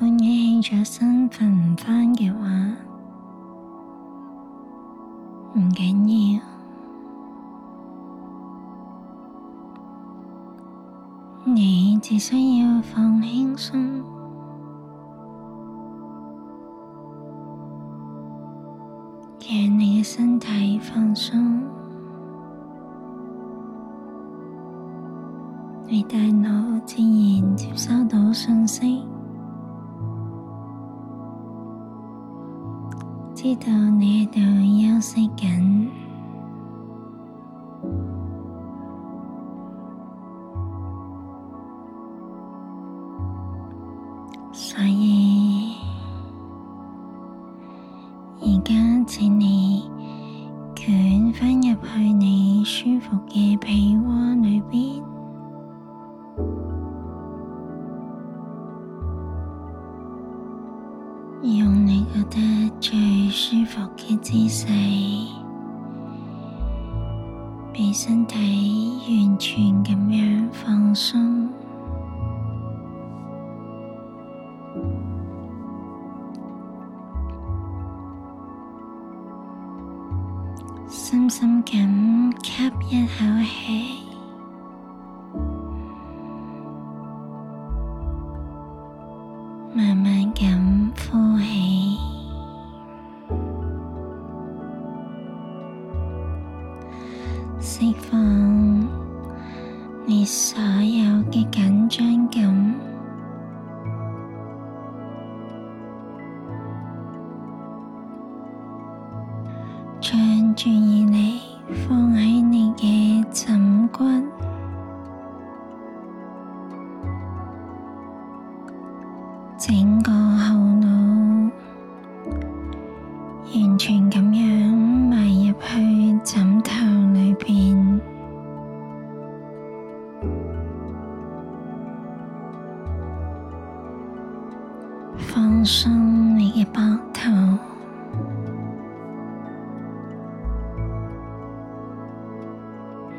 半夜起咗身瞓唔返嘅話唔緊要，你只需要放輕鬆，讓你嘅身體放鬆，你大腦自然接收到信息。知道你喺度休息緊，所以而家請你捲返入去你舒服嘅被窩裏邊。伏嘅姿勢，俾身體完全咁樣放鬆，深深咁吸一口氣，慢慢咁呼氣。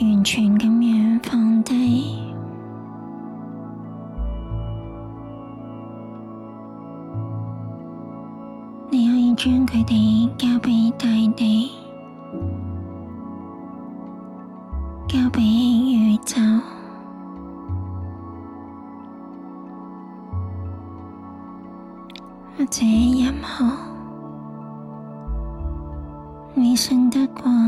完全咁樣放低，你可以將佢哋交畀大地，交畀宇宙，或者任何，你信得過。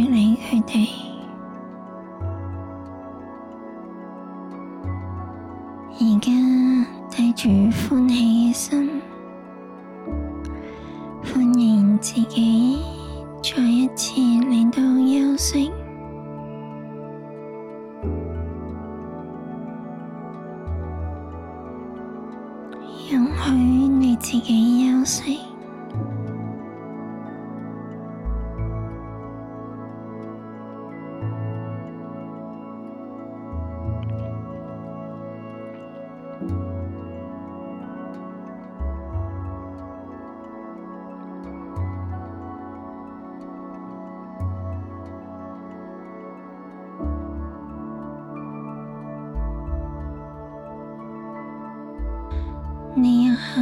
呢一刻，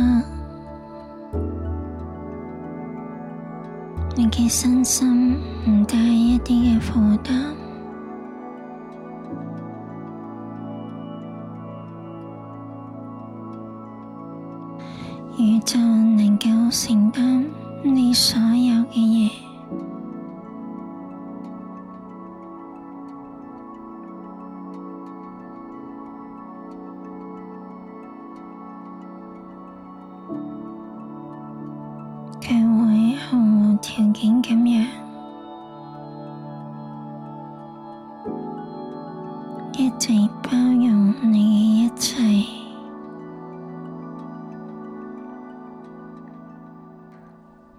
你嘅身心唔帶一啲嘅負擔。